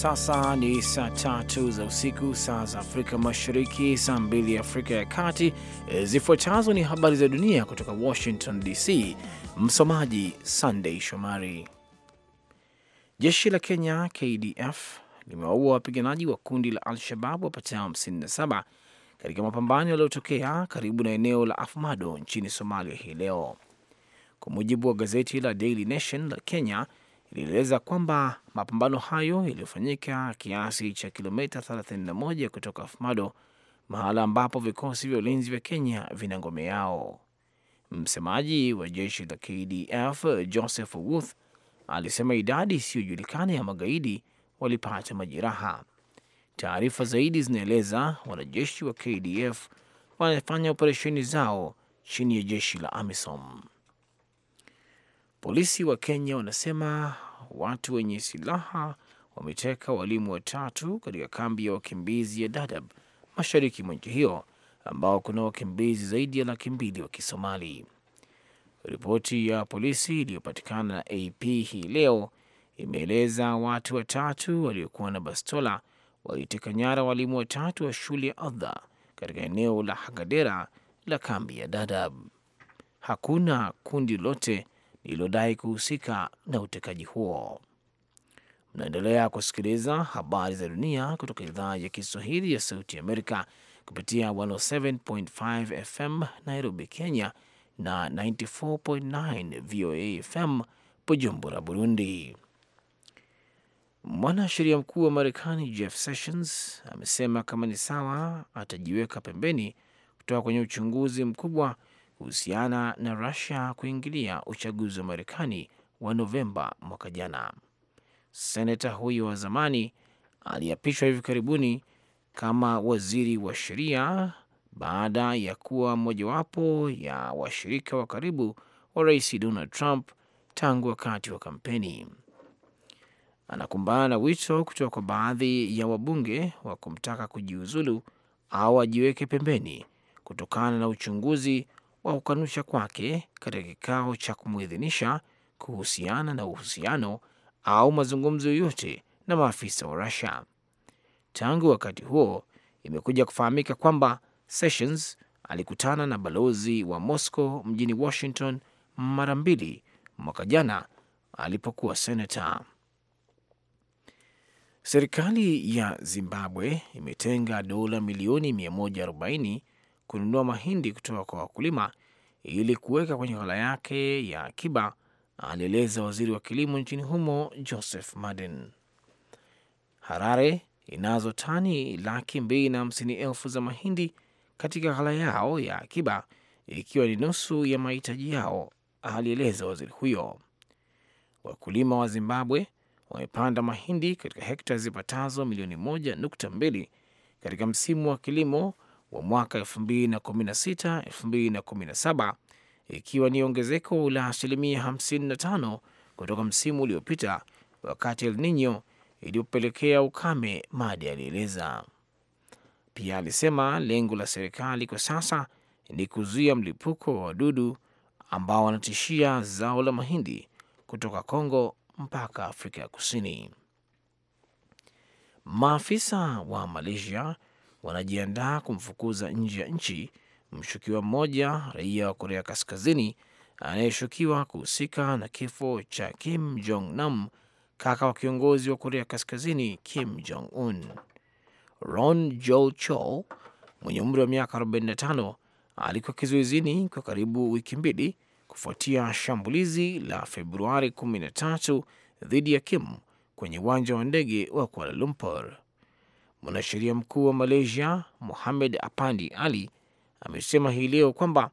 sasa ni saa tatu za usiku, saa za Afrika Mashariki, saa mbili Afrika ya Kati. E, zifuatazo ni habari za dunia kutoka Washington DC. Msomaji Sandei Shomari. Jeshi la Kenya KDF limewaua wapiganaji wa kundi la Al-Shabab wapatao 57 katika mapambano yaliyotokea karibu na eneo la Afmado nchini Somalia hii leo, kwa mujibu wa gazeti la Daily Nation la Kenya ilieleza kwamba mapambano hayo yaliyofanyika kiasi cha kilomita 31 kutoka Afmado, mahala ambapo vikosi vya ulinzi vya Kenya vina ngome yao. Msemaji wa jeshi la KDF Joseph Wuth alisema idadi isiyojulikana ya magaidi walipata majeraha. Taarifa zaidi zinaeleza wanajeshi wa KDF wanafanya operesheni zao chini ya jeshi la AMISOM. Polisi wa Kenya wanasema watu wenye silaha wameteka walimu watatu katika kambi ya wakimbizi ya dadab mashariki mwa nchi hiyo ambao kuna wakimbizi zaidi ya laki mbili wa Kisomali. Ripoti ya polisi iliyopatikana na AP hii leo imeeleza watu watatu waliokuwa na bastola waliteka nyara walimu watatu wa shule ya Adha katika eneo la Hagadera la kambi ya dadab Hakuna kundi lote lililodai kuhusika na utekaji huo. Mnaendelea kusikiliza habari za dunia kutoka idhaa ya Kiswahili ya Sauti Amerika kupitia 107.5 FM Nairobi, Kenya na 94.9 VOA FM Bujumbura, Burundi. Mwanasheria mkuu wa Marekani Jeff Sessions amesema kama ni sawa, atajiweka pembeni kutoka kwenye uchunguzi mkubwa kuhusiana na Rusia kuingilia uchaguzi wa Marekani wa Novemba mwaka jana. Senata huyo wa zamani aliapishwa hivi karibuni kama waziri wa sheria baada ya kuwa mojawapo ya washirika wa karibu wa rais Donald Trump tangu wakati wa kampeni. Anakumbana na wito kutoka kwa baadhi ya wabunge wa kumtaka kujiuzulu au ajiweke pembeni kutokana na uchunguzi wa kukanusha kwake katika kikao cha kumuidhinisha kuhusiana na uhusiano au mazungumzo yoyote na maafisa wa Rusia. Tangu wakati huo imekuja kufahamika kwamba Sessions alikutana na balozi wa Moscow mjini Washington mara mbili mwaka jana alipokuwa senata. Serikali ya Zimbabwe imetenga dola milioni 140 kununua mahindi kutoka kwa wakulima ili kuweka kwenye ghala yake ya akiba, alieleza waziri wa kilimo nchini humo Joseph Maden. Harare inazo tani laki mbili na hamsini elfu za mahindi katika ghala yao ya akiba, ikiwa ni nusu ya mahitaji yao, alieleza waziri huyo. Wakulima wa Zimbabwe wamepanda mahindi katika hekta zipatazo milioni moja nukta mbili katika msimu wa kilimo wa mwaka 2016 2017 ikiwa ni ongezeko la asilimia 55 kutoka msimu uliopita wakati El Nino iliyopelekea ukame, Madi alieleza. Pia alisema lengo la serikali kwa sasa ni kuzuia mlipuko wa wadudu ambao wanatishia zao la mahindi kutoka Kongo mpaka Afrika ya Kusini. Maafisa wa Malaysia wanajiandaa kumfukuza nje ya nchi mshukiwa mmoja raia wa Korea Kaskazini anayeshukiwa kuhusika na kifo cha Kim Jong Nam, kaka wa kiongozi wa Korea Kaskazini Kim Jong Un. Ron Jol Chol mwenye umri wa miaka 45 alikuwa kizuizini kwa karibu wiki mbili kufuatia shambulizi la Februari 13 dhidi ya Kim kwenye uwanja wa ndege wa Kuala Lumpur. Mwanasheria mkuu wa Malaysia muhamed Apandi Ali amesema hii leo kwamba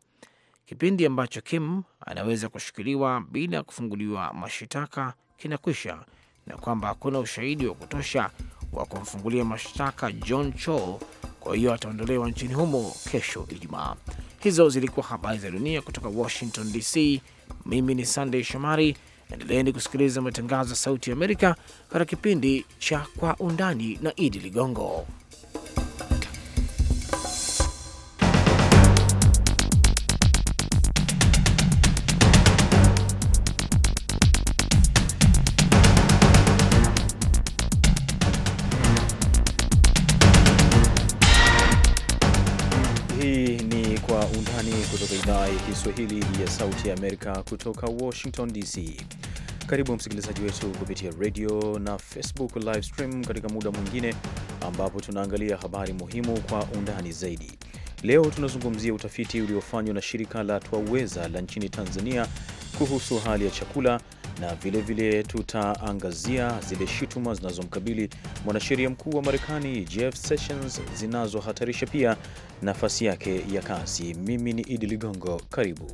kipindi ambacho Kim anaweza kushikiliwa bila kufunguliwa mashtaka kinakwisha na kwamba hakuna ushahidi wa kutosha wa kumfungulia mashtaka John Cho, kwa hiyo ataondolewa nchini humo kesho Ijumaa. Hizo zilikuwa habari za dunia kutoka Washington DC. Mimi ni Sandey Shomari. Endeleeni kusikiliza matangazo ya Sauti Amerika katika kipindi cha Kwa Undani na Idi Ligongo. Kiswahili ya Sauti ya Amerika kutoka Washington DC. Karibu msikilizaji wetu kupitia radio na Facebook live stream katika muda mwingine ambapo tunaangalia habari muhimu kwa undani zaidi. Leo tunazungumzia utafiti uliofanywa na shirika la Twaweza la nchini Tanzania kuhusu hali ya chakula na vilevile tutaangazia zile shutuma zinazomkabili mwanasheria mkuu wa Marekani Jeff Sessions zinazohatarisha pia nafasi yake ya kazi. Mimi ni Idi Ligongo, karibu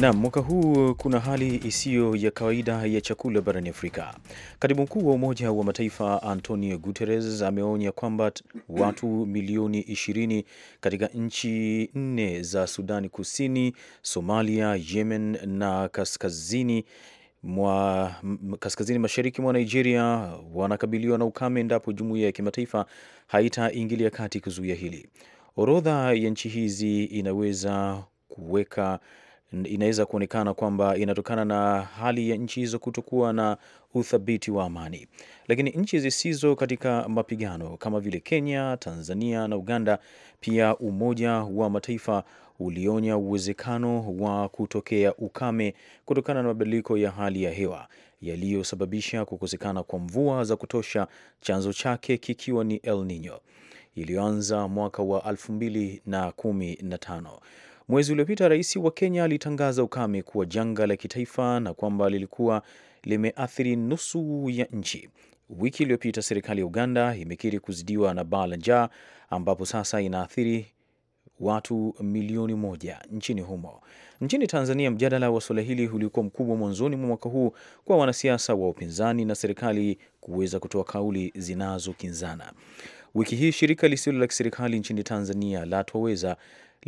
Na mwaka huu kuna hali isiyo ya kawaida ya chakula barani Afrika. Katibu mkuu wa Umoja wa Mataifa Antonio Guterres ameonya kwamba watu milioni ishirini katika nchi nne za Sudani Kusini, Somalia, Yemen na kaskazini mwa kaskazini mashariki mwa Nigeria wanakabiliwa na ukame endapo jumuiya ya kimataifa haitaingilia kati kuzuia hili. Orodha ya nchi hizi inaweza kuweka inaweza kuonekana kwamba inatokana na hali ya nchi hizo kutokuwa na uthabiti wa amani. Lakini nchi zisizo katika mapigano kama vile Kenya, Tanzania na Uganda, pia Umoja wa Mataifa ulionya uwezekano wa kutokea ukame kutokana na mabadiliko ya hali ya hewa yaliyosababisha kukosekana kwa mvua za kutosha, chanzo chake kikiwa ni El Nino iliyoanza mwaka wa tano Mwezi uliopita rais wa Kenya alitangaza ukame kuwa janga la kitaifa na kwamba lilikuwa limeathiri nusu ya nchi. Wiki iliyopita serikali ya Uganda imekiri kuzidiwa na baa la njaa ambapo sasa inaathiri watu milioni moja nchini humo. Nchini Tanzania, mjadala wa suala hili ulikuwa mkubwa mwanzoni mwa mwaka huu kwa wanasiasa wa upinzani na serikali kuweza kutoa kauli zinazokinzana. Wiki hii shirika lisilo la kiserikali nchini Tanzania la Twaweza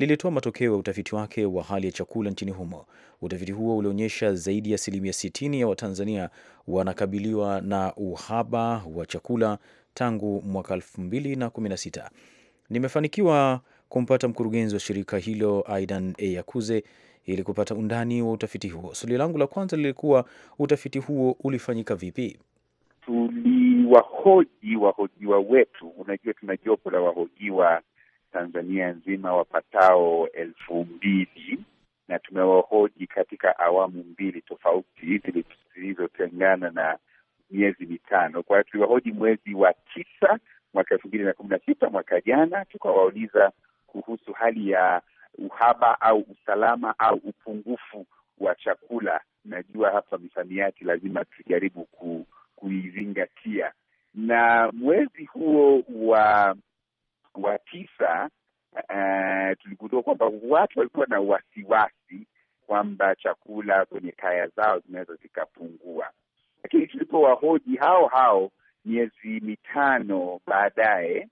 lilitoa matokeo ya utafiti wake wa hali ya chakula nchini humo. Utafiti huo ulionyesha zaidi ya asilimia 60 ya Watanzania wanakabiliwa na uhaba wa chakula tangu mwaka 2016. Nimefanikiwa kumpata mkurugenzi wa shirika hilo Aidan Eyakuze ili kupata undani wa utafiti huo. Swali langu la kwanza lilikuwa utafiti huo ulifanyika vipi? Tuliwahoji wahojiwa wetu. Unajua, tuna jopo la wahojiwa Tanzania nzima wapatao elfu mbili na tumewahoji katika awamu mbili tofauti zilizotengana na miezi mitano. Kwa hiyo tuliwahoji mwezi wa tisa mwaka elfu mbili na kumi na sita mwaka jana, tukawauliza kuhusu hali ya uhaba au usalama au upungufu wa chakula. Najua hapa misamiati lazima tujaribu ku, kuizingatia. Na mwezi huo wa wa tisa uh, tuligundua kwamba watu walikuwa na wasiwasi kwamba chakula kwenye kaya zao zinaweza zikapungua, lakini tulipowahoji hao hao miezi mitano baadaye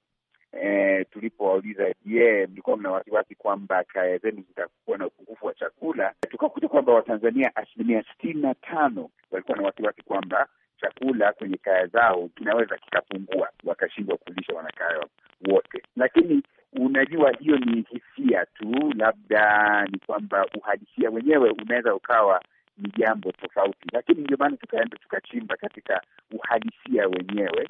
eh, tulipowauliza je, mlikuwa mna wasiwasi kwamba kaya zenu zitakuwa na upungufu wa chakula, tukakuta kwamba Watanzania asilimia sitini na tano walikuwa na wasiwasi kwamba chakula kwenye kaya zao kinaweza kikapungua, wakashindwa kulisha wanakaya wote. Lakini unajua hiyo ni hisia tu, labda ni kwamba uhalisia wenyewe unaweza ukawa ni jambo tofauti, lakini ndio maana tukaenda tukachimba katika uhalisia wenyewe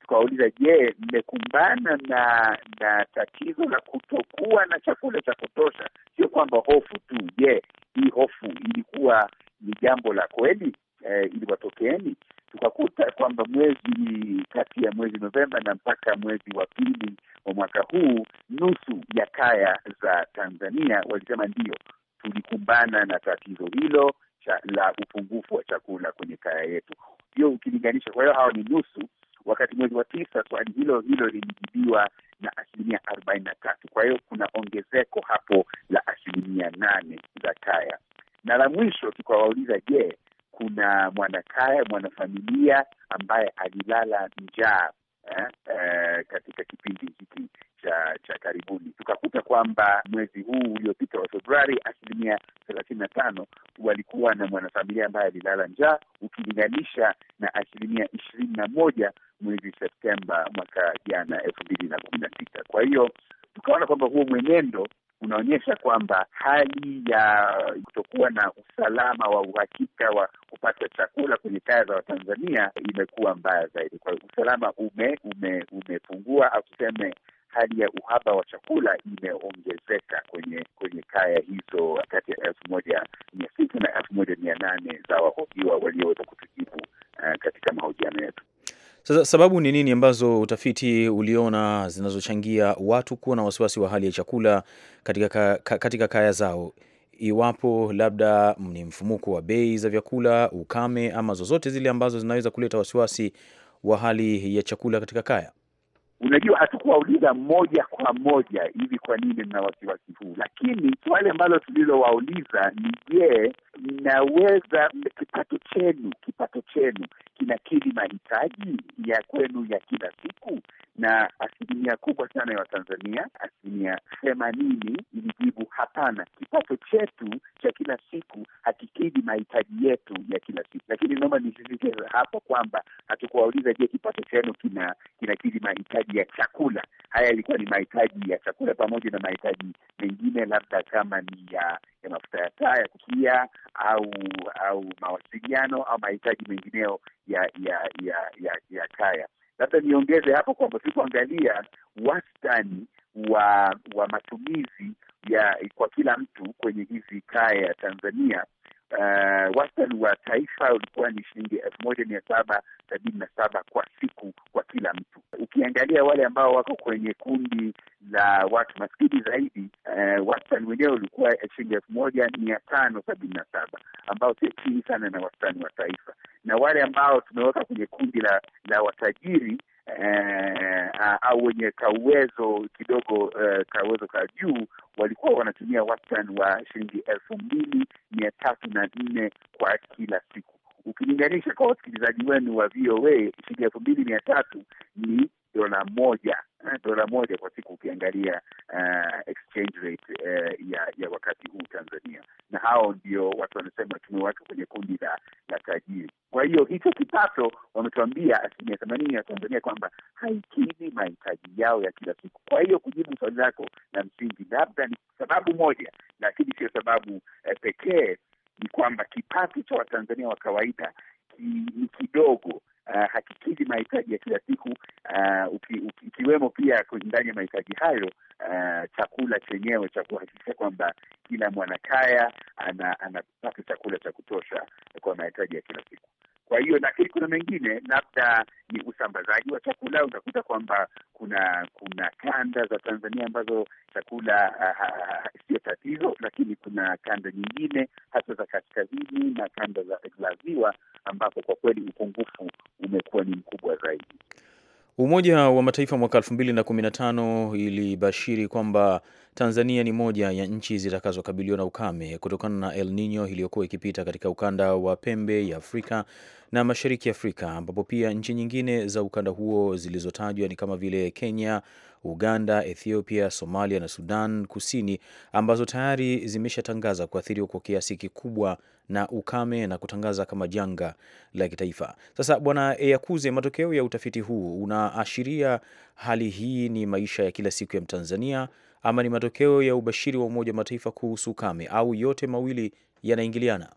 tukawauliza, je, mmekumbana na na tatizo la kutokuwa na chakula cha kutosha? Sio kwamba hofu tu. Je, hii hofu ilikuwa ni jambo la kweli? eh, ili watokeeni. Tukakuta kwamba mwezi kati ya mwezi Novemba na mpaka mwezi wa pili wa mwaka huu, nusu ya kaya za Tanzania walisema ndio tulikumbana na tatizo hilo cha, la upungufu wa chakula kwenye kaya yetu, hiyo ukilinganisha. Kwa hiyo hawa ni nusu, wakati mwezi wa tisa swali hilo hilo lilijibiwa na asilimia arobaini na tatu. Kwa hiyo kuna ongezeko hapo la asilimia nane za kaya, na la mwisho tukawauliza, je, kuna mwanakaya mwanafamilia ambaye alilala njaa eh, eh, katika kipindi hiki cha cha karibuni tukakuta kwamba mwezi huu uliopita wa Februari, asilimia thelathini na tano walikuwa na mwanafamilia ambaye alilala njaa ukilinganisha na asilimia ishirini na moja mwezi Septemba mwaka jana elfu mbili na kumi na sita. Kwa hiyo tukaona kwamba huo mwenendo unaonyesha kwamba hali ya kutokuwa na usalama wa uhakika wa kupata chakula kwenye kaya za Watanzania imekuwa mbaya zaidi. Kwa hiyo usalama ume, ume, umepungua au tuseme hali ya uhaba wa chakula imeongezeka kwenye kwenye kaya hizo kati ya elfu moja mia sita na elfu moja mia nane za wahojiwa walioweza kutujibu uh, katika mahojiano yetu. Sasa sababu ni nini ambazo utafiti uliona zinazochangia watu kuwa na wasiwasi wa hali ya chakula katika, ka, katika kaya zao, iwapo labda ni mfumuko wa bei za vyakula, ukame, ama zozote zile ambazo zinaweza kuleta wasiwasi wa hali ya chakula katika kaya? Unajua, hatukuwauliza moja kwa moja hivi, kwa nini mna wasiwasi huu, lakini swali ambalo tulilowauliza ni je, mnaweza kipato chenu kipato chenu kinakidhi mahitaji ya kwenu ya kila siku? Na asilimia kubwa sana ya Watanzania, asilimia themanini ilijibu hapana, kipato chetu cha kila siku hakikidhi mahitaji yetu ya kila siku. Lakini naomba nisisitize hapo kwamba hatukuwauliza, je, kipato chenu kina kinakidhi mahitaji ya chakula? Haya yalikuwa ni mahitaji ya chakula pamoja na mahitaji mengine labda kama ni ya ya mafuta ya taa ya kukia au au mawasiliano au mahitaji mengineo ya ya ya ya, ya kaya. Labda niongeze hapo kwamba tulipoangalia wastani wa wa matumizi ya kwa kila mtu kwenye hizi kaya ya Tanzania uh, wastani wa taifa ulikuwa ni shilingi elfu moja mia saba sabini na saba kwa siku kwa kila mtu. Ukiangalia wale ambao wako kwenye kundi la watu maskini zaidi, uh, wastani wenyewe ulikuwa shilingi elfu moja mia tano sabini na saba ambao sio chini sana na wastani wa taifa, na wale ambao tumeweka kwenye kundi la, la watajiri eh, au wenye kauwezo kidogo eh, kauwezo ka juu walikuwa wanatumia wastani wa shilingi elfu mbili mia tatu na nne kwa kila siku ukilinganisha kwa wasikilizaji wenu wa VOA shilingi elfu mbili mia tatu ni dola moja eh, dola moja kwa siku ukiangalia uh, exchange rate uh, ya ya wakati huu Tanzania, na hao ndio watu wanasema tumeweka kwenye kundi la la tajiri. Kwa hiyo hicho kipato wametuambia asilimia themanini ya Tanzania kwamba haikidhi mahitaji yao ya kila siku. Kwa hiyo kujibu swali lako la msingi, labda ni sababu moja, lakini sio sababu eh, pekee, ni kwamba kipato cha Watanzania wa kawaida ni kidogo uh, hakikidhi mahitaji ya kila siku uh, ikiwemo pia ndani ya mahitaji hayo uh, chakula chenyewe cha kuhakikisha kwamba kila mwanakaya anapata ana, chakula cha kutosha kwa mahitaji ya kila siku. Kwa hiyo lakini kuna mengine labda ni usambazaji wa chakula. Utakuta kwamba kuna kuna kanda za Tanzania ambazo chakula ndiyo tatizo, lakini kuna kanda nyingine hasa za kaskazini na kanda za ziwa ambapo kwa kweli upungufu umekuwa ni mkubwa zaidi. Umoja wa Mataifa mwaka elfu mbili na kumi na tano ilibashiri kwamba Tanzania ni moja ya nchi zitakazokabiliwa na ukame kutokana na El Nino iliyokuwa ikipita katika ukanda wa pembe ya Afrika na Mashariki Afrika, ambapo pia nchi nyingine za ukanda huo zilizotajwa ni kama vile Kenya, Uganda, Ethiopia, Somalia na Sudan Kusini, ambazo tayari zimeshatangaza kuathiriwa kwa kiasi kikubwa na ukame na kutangaza kama janga la kitaifa. Sasa Bwana Yakuze, matokeo ya utafiti huu unaashiria hali hii ni maisha ya kila siku ya Mtanzania ama ni matokeo ya ubashiri wa Umoja wa Mataifa kuhusu ukame au yote mawili yanaingiliana?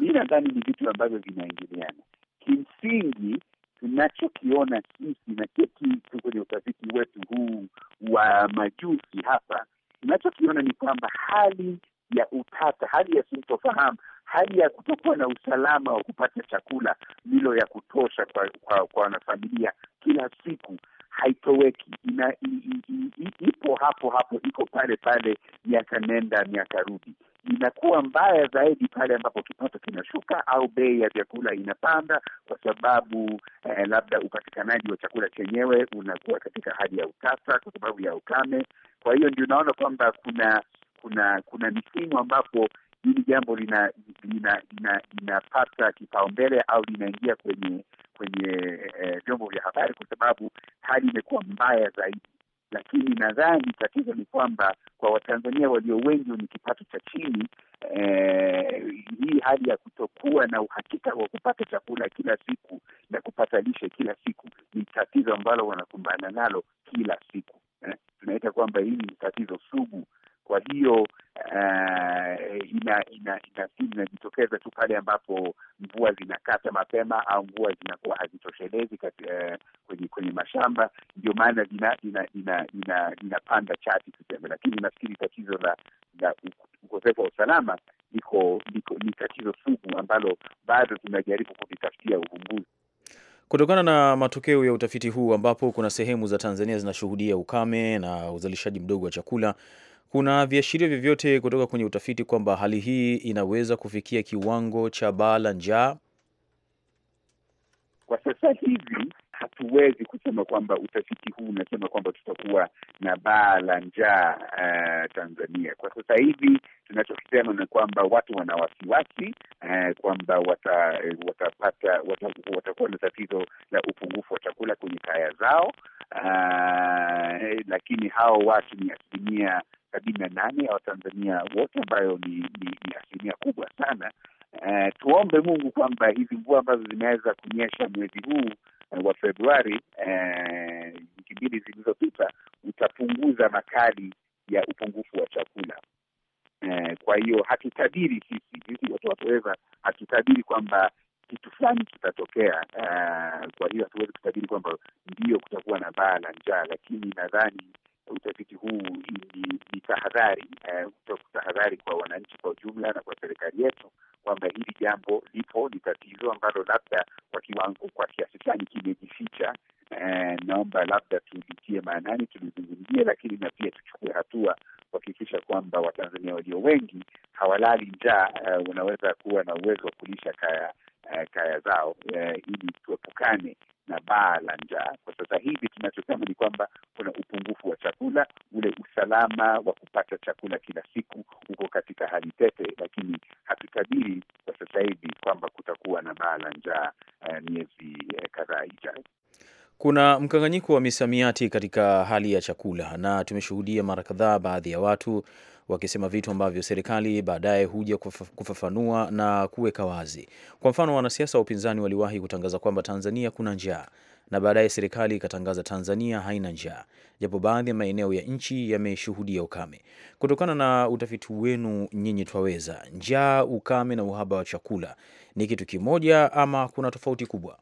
mi nadhani ni vitu ambavyo vinaingiliana. Kimsingi tunachokiona sisi na kitu kwenye utafiti wetu huu wa majusi hapa, tunachokiona ni kwamba hali ya utata, hali ya sintofahamu, hali ya kutokuwa na usalama wa kupata chakula milo ya kutosha kwa kwa, kwa wanafamilia kila siku haitoweki, ina i, i, i, ipo hapo hapo, iko pale pale, miaka nenda miaka rudi inakuwa mbaya zaidi pale ambapo kipato kinashuka au bei ya vyakula inapanda, kwa sababu eh, labda upatikanaji wa chakula chenyewe unakuwa katika hali ya utata kwa sababu ya ukame. Kwa hiyo ndio unaona kwamba kuna kuna kuna misimu ambapo hili jambo linapata lina, lina, lina kipaumbele au linaingia kwenye kwenye eh, eh, vyombo eh, vya habari kwa sababu hali imekuwa mbaya zaidi lakini nadhani tatizo ni kwamba kwa Watanzania walio wengi wenye kipato cha chini eh, hii hali ya kutokuwa na uhakika wa kupata chakula kila siku na kupata lishe kila siku ni tatizo ambalo wanakumbana nalo kila siku eh, tunaita kwamba hili ni tatizo sugu. Kwa hiyo Uh, ina ina inajitokeza tu pale ambapo mvua zinakata mapema au mvua zinakuwa hazitoshelezi uh, kwenye kwenye mashamba, ndio maana inapanda ina, ina, ina, ina chati tuseme. Lakini nafikiri tatizo la la ukosefu wa usalama liko ni tatizo sugu ambalo bado tunajaribu kuvitafutia uvumbuzi. Kutokana na matokeo ya utafiti huu, ambapo kuna sehemu za Tanzania zinashuhudia ukame na uzalishaji mdogo wa chakula, kuna viashirio vyovyote kutoka kwenye utafiti kwamba hali hii inaweza kufikia kiwango cha baa la njaa? Kwa sasa hivi hatuwezi kusema kwamba utafiti huu unasema kwamba tutakuwa na baa la njaa uh, Tanzania. Kwa sasa hivi tunachokisema ni kwamba watu wana wasiwasi uh, kwamba wata, eh, watapata watakuwa na tatizo la upungufu wa chakula kwenye kaya zao uh, lakini hao watu ni asilimia sabini na nane ya Watanzania wote ambayo ni, ni, ni asilimia kubwa sana. Uh, tuombe Mungu kwamba hizi mvua ambazo zinaweza kunyesha mwezi huu Eh, wa Februari eh, wiki mbili zilizopita, utapunguza makali ya upungufu wa chakula. Eh, kwa hiyo hatutabiri sisi sisi watu watoweza, hatutabiri kwamba kitu fulani kitatokea. Uh, kwa hiyo hatuwezi kutabiri kwamba ndio kutakuwa na baa la njaa, lakini nadhani utafiti huu ni, ni tahadhari uh, tahadhari kwa wananchi kwa ujumla na kwa serikali yetu kwamba hili jambo lipo, ni tatizo ambalo labda kwa kiwango, kwa kiasi fulani kimejificha. Eh, naomba labda tulitie maanani, tulizungumzie, lakini na pia tuchukue hatua kuhakikisha kwamba Watanzania walio wengi hawalali njaa. Uh, unaweza kuwa na uwezo wa kulisha kaya, uh, kaya zao uh, ili tuepukane na baa la njaa. Kwa sasa hivi tunachosema ni kwamba kuna upungufu wa chakula, ule usalama wa kupata chakula kila siku uko katika hali tete, lakini hatutabiri kwa sasa hivi kwamba kutakuwa na baa la njaa uh, miezi eh, kadhaa ijayo. Kuna mkanganyiko wa misamiati katika hali ya chakula, na tumeshuhudia mara kadhaa baadhi ya watu wakisema vitu ambavyo serikali baadaye huja kufafanua na kuweka wazi. Kwa mfano, wanasiasa wa upinzani waliwahi kutangaza kwamba Tanzania kuna njaa na baadaye serikali ikatangaza Tanzania haina njaa, japo baadhi ya maeneo ya nchi yameshuhudia ukame. Kutokana na utafiti wenu nyinyi, twaweza, njaa, ukame na uhaba wa chakula ni kitu kimoja ama kuna tofauti kubwa?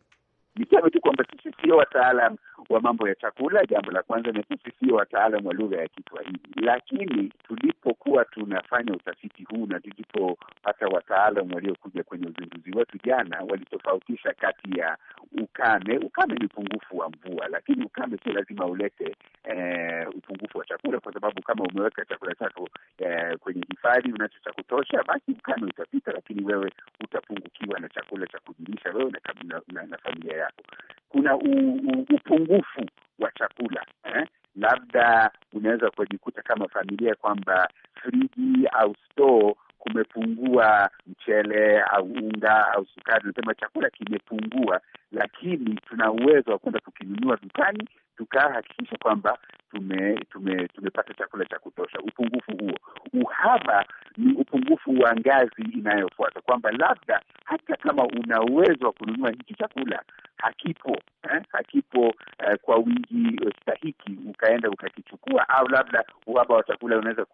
Niseme tu kwamba sisi sio wataalam wa mambo ya chakula, jambo la kwanza kusifia wataalam wa lugha ya Kiswahili. Lakini tulipokuwa tunafanya utafiti huu na tulipopata wataalam waliokuja kwenye uzinduzi wetu jana, walitofautisha kati ya ukame. Ukame ni upungufu wa mvua, lakini ukame sio lazima ulete eh, upungufu wa chakula, kwa sababu kama umeweka chakula chako eh, kwenye hifadhi, unacho cha kutosha, basi ukame utapita, lakini wewe utapungukiwa na chakula cha kujilisha wewe na, na, na familia yako. Kuna upungufu upungufu wa chakula eh? Labda unaweza kujikuta kama familia kwamba friji au store kumepungua mchele au unga au sukari, unasema chakula kimepungua, lakini tuna uwezo wa kwenda kukinunua dukani tukahakikisha kwamba tume, tume, tumepata chakula cha kutosha. Upungufu huo, uhaba ni upungufu wa ngazi inayofuata, kwamba labda hata kama una uwezo wa kununua hiki chakula hakipo eh, hakipo eh, kwa wingi stahiki ukaenda ukakichukua, au labda uhaba wa chakula unaweza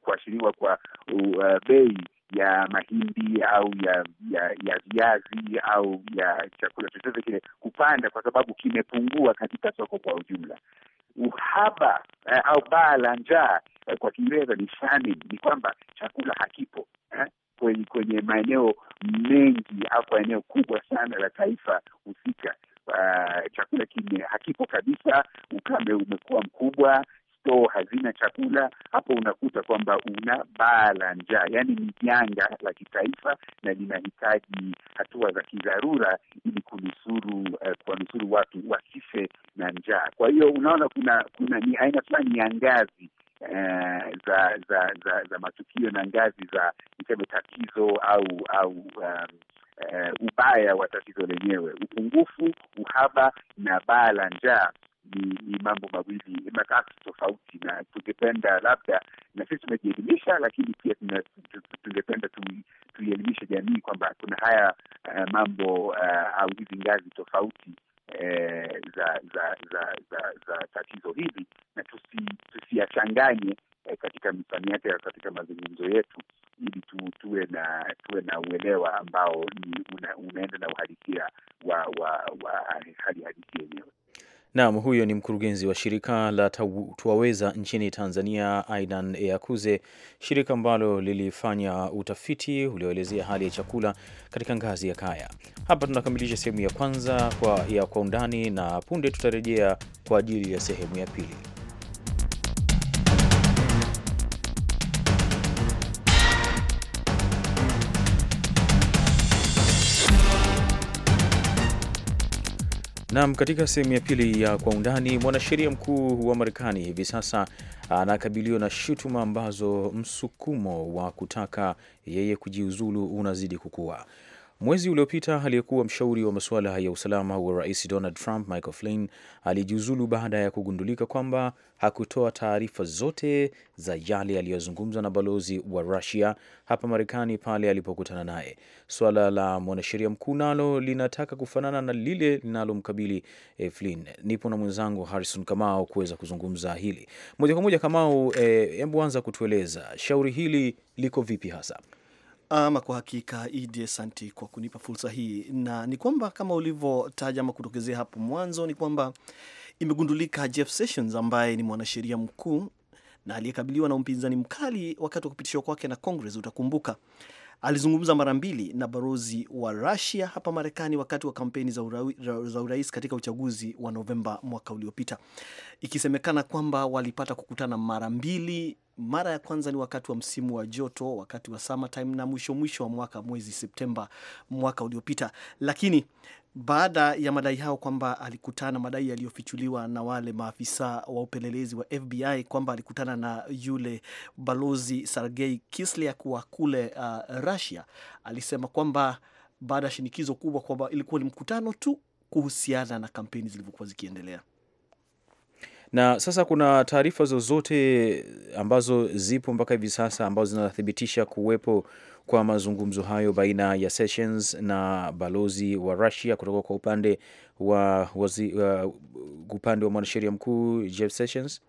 kuashiriwa kwa uh, bei ya mahindi au ya ya, ya viazi au ya chakula chochote kile kupanda, kwa sababu kimepungua katika soko kwa ujumla uhaba eh, au baa la njaa eh, kwa Kiingereza ni famine, ni kwamba chakula hakipo eh, kwenye, kwenye maeneo mengi au kwa eneo kubwa sana la taifa husika. Uh, chakula kime hakipo kabisa, ukame umekuwa mkubwa stoo hazina chakula, hapo unakuta kwamba una baa la njaa. Yaani ni janga la kitaifa na linahitaji hatua za kidharura ili kunusuru eh, kuwanusuru watu wasife na njaa. Kwa hiyo unaona kuna kuna ni aina fulani ya ngazi eh, za, za za za matukio na ngazi za niseme tatizo au au um, Uh, ubaya wa tatizo lenyewe, upungufu, uhaba na baa la njaa ni, ni mambo mawili makasi tofauti, na tungependa labda na sisi tumejielimisha, lakini pia tungependa tuielimishe jamii kwamba kuna haya uh, mambo uh, eh, au hizi ngazi tofauti eh, za, za, za, za, za tatizo hili na tusiyachanganye eh, katika misamiati ya katika mazungumzo yetu ili tu, tuwe na tuwe na uelewa ambao ni una, unaenda na uhalisia wa, wa, wa hali halisi yenyewe. Naam, huyo ni mkurugenzi wa shirika la Twaweza nchini Tanzania, Aidan Eakuze, shirika ambalo lilifanya utafiti ulioelezea hali ya chakula katika ngazi ya kaya. Hapa tunakamilisha sehemu ya kwanza kwa ya kwa undani, na punde tutarejea kwa ajili ya sehemu ya pili. Nam, katika sehemu ya pili ya kwa undani, mwanasheria mkuu wa Marekani hivi sasa anakabiliwa na shutuma ambazo msukumo wa kutaka yeye kujiuzulu unazidi kukua. Mwezi uliopita aliyekuwa mshauri wa masuala ya usalama wa rais Donald Trump, Michael Flynn, alijiuzulu baada ya kugundulika kwamba hakutoa taarifa zote za yale aliyozungumza na balozi wa Rusia hapa Marekani pale alipokutana naye. Swala la mwanasheria mkuu nalo linataka kufanana na lile linalomkabili eh, Flynn. Nipo na mwenzangu Harrison Kamau kuweza kuzungumza hili moja kwa moja. Kamau, eh, hebu eh, anza kutueleza shauri hili liko vipi hasa? Ama kwa hakika Idi, asanti kwa kunipa fursa hii, na ni kwamba kama ulivyotaja ama kutokezea hapo mwanzo ni kwamba imegundulika Jeff Sessions ambaye ni mwanasheria mkuu na aliyekabiliwa na upinzani mkali wakati wa kupitishwa kwake na Congress, utakumbuka Alizungumza mara mbili na balozi wa Rusia hapa Marekani wakati wa kampeni za, za urais katika uchaguzi wa Novemba mwaka uliopita, ikisemekana kwamba walipata kukutana mara mbili. Mara ya kwanza ni wakati wa msimu wa joto, wakati wa summertime, na mwisho mwisho wa mwaka mwezi Septemba mwaka uliopita, lakini baada ya madai hao kwamba alikutana, madai yaliyofichuliwa na wale maafisa wa upelelezi wa FBI kwamba alikutana na yule balozi Sergei Kislyak wa kule uh, Russia. Alisema kwamba baada ya shinikizo kubwa kwamba ilikuwa ni mkutano tu kuhusiana na kampeni zilivyokuwa zikiendelea. Na sasa kuna taarifa zozote ambazo zipo mpaka hivi sasa ambazo zinathibitisha kuwepo kwa mazungumzo hayo baina ya Sessions na balozi wa Russia kutoka kwa upande wa wazi, uh, upande wa mwanasheria mkuu Jeff Sessions.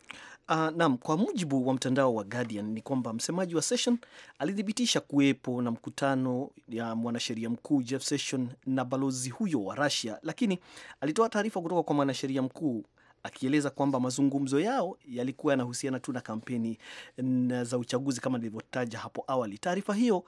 Uh, naam, kwa mujibu wa mtandao wa Guardian ni kwamba msemaji wa Session alithibitisha kuwepo na mkutano ya mwanasheria mkuu Jeff Session na balozi huyo wa Russia, lakini alitoa taarifa kutoka kwa mwanasheria mkuu akieleza kwamba mazungumzo yao yalikuwa yanahusiana tu na kampeni za uchaguzi kama nilivyotaja hapo awali. Taarifa hiyo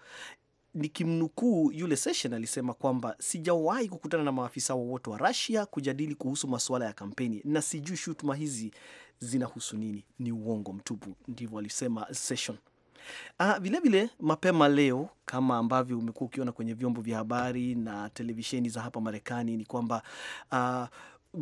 nikimnukuu yule Session alisema kwamba sijawahi kukutana na maafisa wowote wa, wa Russia kujadili kuhusu masuala ya kampeni na sijui shutuma hizi zinahusu nini, ni uongo mtupu. Ndivyo alisema Session. Ah, vilevile mapema leo kama ambavyo umekuwa ukiona kwenye vyombo vya habari na televisheni za hapa Marekani ni kwamba ah,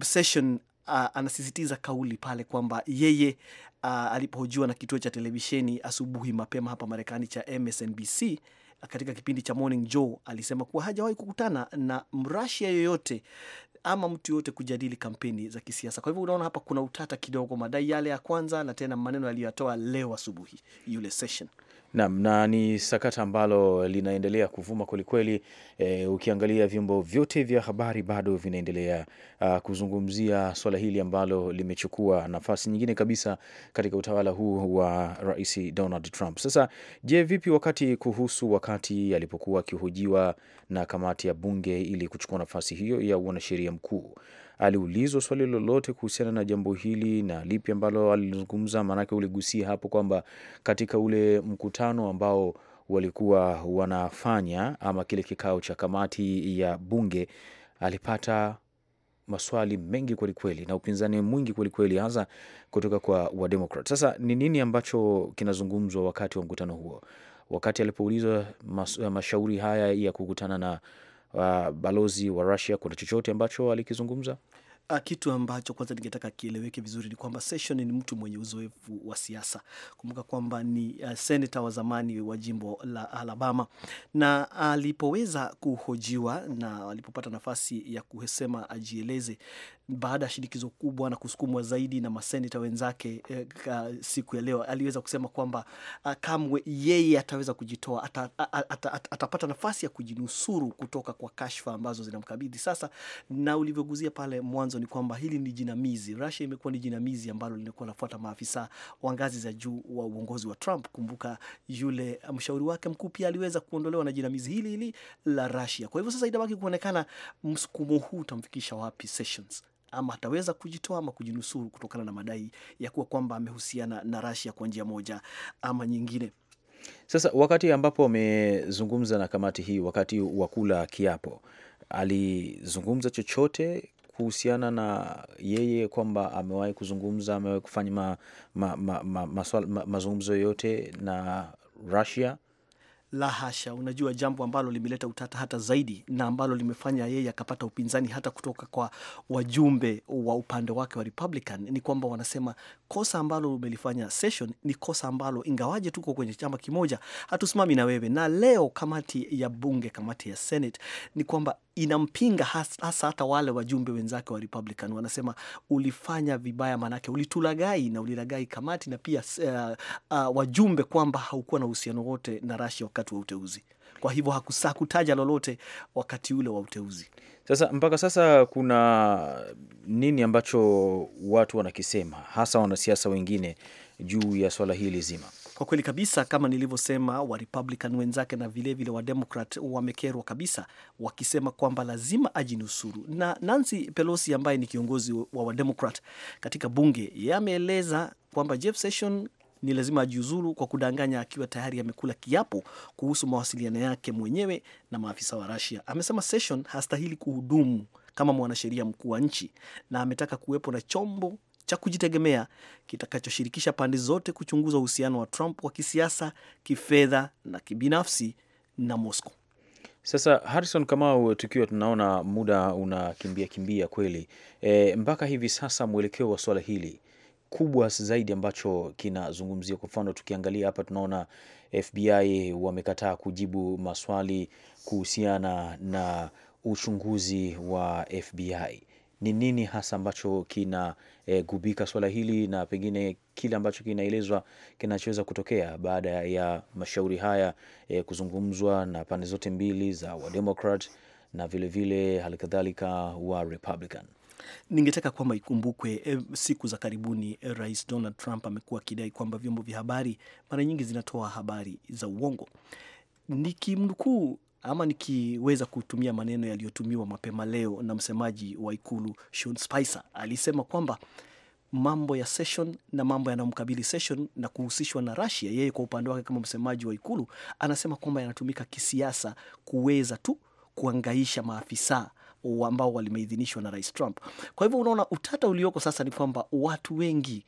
Session Uh, anasisitiza kauli pale kwamba yeye uh, alipohojiwa na kituo cha televisheni asubuhi mapema hapa Marekani cha MSNBC katika kipindi cha Morning Joe alisema kuwa hajawahi kukutana na mrasia yoyote ama mtu yoyote kujadili kampeni za kisiasa. Kwa hivyo unaona hapa kuna utata kidogo, madai yale ya kwanza na tena maneno aliyoyatoa leo asubuhi yule session Naam, na ni sakata ambalo linaendelea kuvuma kwelikweli. E, eh, ukiangalia vyombo vyote vya habari bado vinaendelea a, ah, kuzungumzia swala hili ambalo limechukua nafasi nyingine kabisa katika utawala huu wa Rais Donald Trump. Sasa je, vipi wakati kuhusu wakati alipokuwa akihojiwa na kamati ya bunge ili kuchukua nafasi hiyo ya wanasheria mkuu aliulizwa swali lolote kuhusiana na jambo hili na lipi ambalo alizungumza? Maanake uligusia hapo kwamba katika ule mkutano ambao walikuwa wanafanya ama kile kikao cha kamati ya bunge alipata maswali mengi kwelikweli na upinzani mwingi kwelikweli, hasa kutoka kwa Wademokrat. Sasa ni nini ambacho kinazungumzwa wakati wa mkutano huo, wakati alipoulizwa mashauri haya ya kukutana na uh, balozi wa Russia, kuna chochote ambacho alikizungumza? Uh, kitu ambacho kwanza ningetaka kieleweke vizuri ni kwamba Session ni mtu mwenye uzoefu wa siasa. Kumbuka kwamba ni uh, senata wa zamani wa jimbo la Alabama, na alipoweza kuhojiwa na alipopata nafasi ya kusema ajieleze, baada ya shinikizo kubwa na kusukumwa zaidi na maseneta wenzake eh, siku ya leo aliweza kusema kwamba uh, kamwe yeye ataweza kujitoa ata, ata, ata, ata, atapata nafasi ya kujinusuru kutoka kwa kashfa ambazo zinamkabidhi sasa. Na ulivyoguzia pale mwanzo ni kwamba hili ni jinamizi, Russia imekuwa ni jinamizi ambalo linakuwa nafuata maafisa wa ngazi za juu wa uongozi wa Trump. Kumbuka yule ah, mshauri wake mkuu pia aliweza kuondolewa na jinamizi hili hili la Russia. Kwa hivyo sasa inabaki kuonekana msukumo huu utamfikisha wapi Sessions ama ataweza kujitoa ama kujinusuru kutokana na madai ya kuwa kwamba amehusiana na Russia kwa njia moja ama nyingine. Sasa wakati ambapo amezungumza na kamati hii wakati wa kula kiapo, alizungumza chochote kuhusiana na yeye kwamba amewahi kuzungumza, amewahi kufanya ma, ma, ma, ma, ma, mazungumzo yoyote na Russia la hasha. Unajua, jambo ambalo limeleta utata hata zaidi na ambalo limefanya yeye akapata upinzani hata kutoka kwa wajumbe wa upande wake wa Republican ni kwamba wanasema kosa ambalo umelifanya session ni kosa ambalo, ingawaje tuko kwenye chama kimoja, hatusimami na wewe. Na leo kamati ya bunge, kamati ya Senate, ni kwamba inampinga hasa hata wale wajumbe wenzake wa Republican wanasema ulifanya vibaya, manake ulitulagai na ulilagai kamati na pia uh, uh, wajumbe kwamba haukuwa na uhusiano wote na Russia wakati wa uteuzi. Kwa hivyo hakutaja lolote wakati ule wa uteuzi. Sasa mpaka sasa kuna nini ambacho watu wanakisema, hasa wanasiasa wengine juu ya swala hili zima? Kwa kweli kabisa, kama nilivyosema, Warepublican wenzake na vilevile Wademokrat wamekerwa kabisa, wakisema kwamba lazima ajinusuru. Na Nancy Pelosi ambaye ni kiongozi wa Wademokrat katika bunge, yeye ameeleza kwamba Jeff Sessions ni lazima ajiuzuru kwa kudanganya akiwa tayari amekula kiapo kuhusu mawasiliano yake mwenyewe na maafisa wa Russia. Amesema Session hastahili kuhudumu kama mwanasheria mkuu wa nchi na ametaka kuwepo na chombo cha kujitegemea kitakachoshirikisha pande zote kuchunguza uhusiano wa Trump wa kisiasa, kifedha na kibinafsi na Moscow. Sasa Harrison Kamau, tukiwa tunaona muda unakimbia kimbia kweli, e, mpaka hivi sasa mwelekeo wa swala hili kubwa zaidi ambacho kinazungumzia, kwa mfano tukiangalia hapa tunaona FBI wamekataa kujibu maswali kuhusiana na uchunguzi wa FBI ni nini hasa ambacho kinagubika eh, e, swala hili na pengine kile ambacho kinaelezwa kinachoweza kutokea baada ya mashauri haya e, kuzungumzwa na pande zote mbili za Wademokrat na vilevile halikadhalika wa Republican. Ningetaka kwamba ikumbukwe e, siku za karibuni e, Rais Donald Trump amekuwa akidai kwamba vyombo vya habari mara nyingi zinatoa habari za uongo. Nikimnukuu ama nikiweza kutumia maneno yaliyotumiwa mapema leo na msemaji wa ikulu Sean Spicer, alisema kwamba mambo ya Session na mambo yanayomkabili Session na kuhusishwa na Russia, yeye kwa upande wake kama msemaji wa ikulu anasema kwamba yanatumika kisiasa kuweza tu kuangaisha maafisa ambao walimeidhinishwa na Rais Trump. Kwa hivyo unaona utata ulioko sasa ni kwamba watu wengi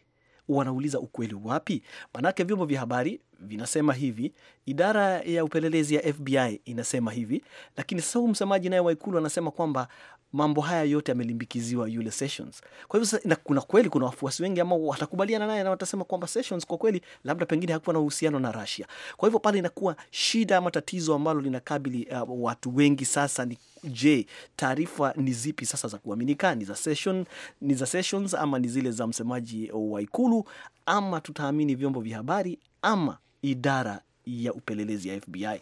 wanauliza ukweli wapi? Maanake vyombo vya habari vinasema hivi, idara ya upelelezi ya FBI inasema hivi, lakini sasa msemaji naye wa ikulu anasema kwamba mambo haya yote yamelimbikiziwa yule Sessions. Kwa hivyo sasa, kuna kweli, kuna wafuasi wengi ambao watakubaliana naye na watasema kwamba Sessions kwa kweli labda pengine hakuwa na uhusiano na Russia. Kwa hivyo pale inakuwa shida ama tatizo ambalo linakabili uh, watu wengi sasa ni je, taarifa ni zipi sasa za kuaminika? Ni za session, ni za Sessions ama ni zile za msemaji wa ikulu, ama tutaamini vyombo vya habari ama idara ya upelelezi ya FBI.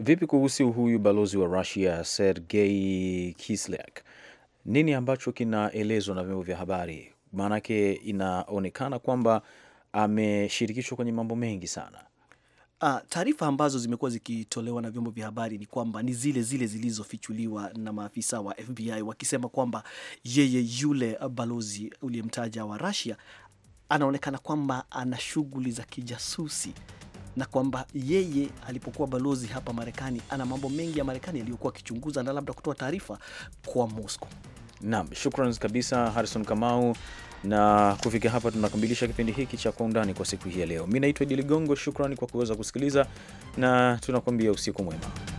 Vipi kuhusu huyu balozi wa Russia Sergei Kislyak, nini ambacho kinaelezwa na vyombo vya habari? Maanake inaonekana kwamba ameshirikishwa kwenye mambo mengi sana. Ah, taarifa ambazo zimekuwa zikitolewa na vyombo vya habari ni kwamba ni zile zile zilizofichuliwa na maafisa wa FBI wakisema kwamba yeye yule balozi uliyemtaja wa Russia anaonekana kwamba ana shughuli za kijasusi na kwamba yeye alipokuwa balozi hapa Marekani ana mambo mengi ya Marekani yaliyokuwa akichunguza na labda kutoa taarifa kwa Moscow. Naam, shukran kabisa Harrison Kamau. Na kufika hapa tunakamilisha kipindi hiki cha Kwa Undani kwa siku hii ya leo. Mi naitwa Idi Ligongo, shukrani kwa kuweza kusikiliza na tunakuambia usiku mwema.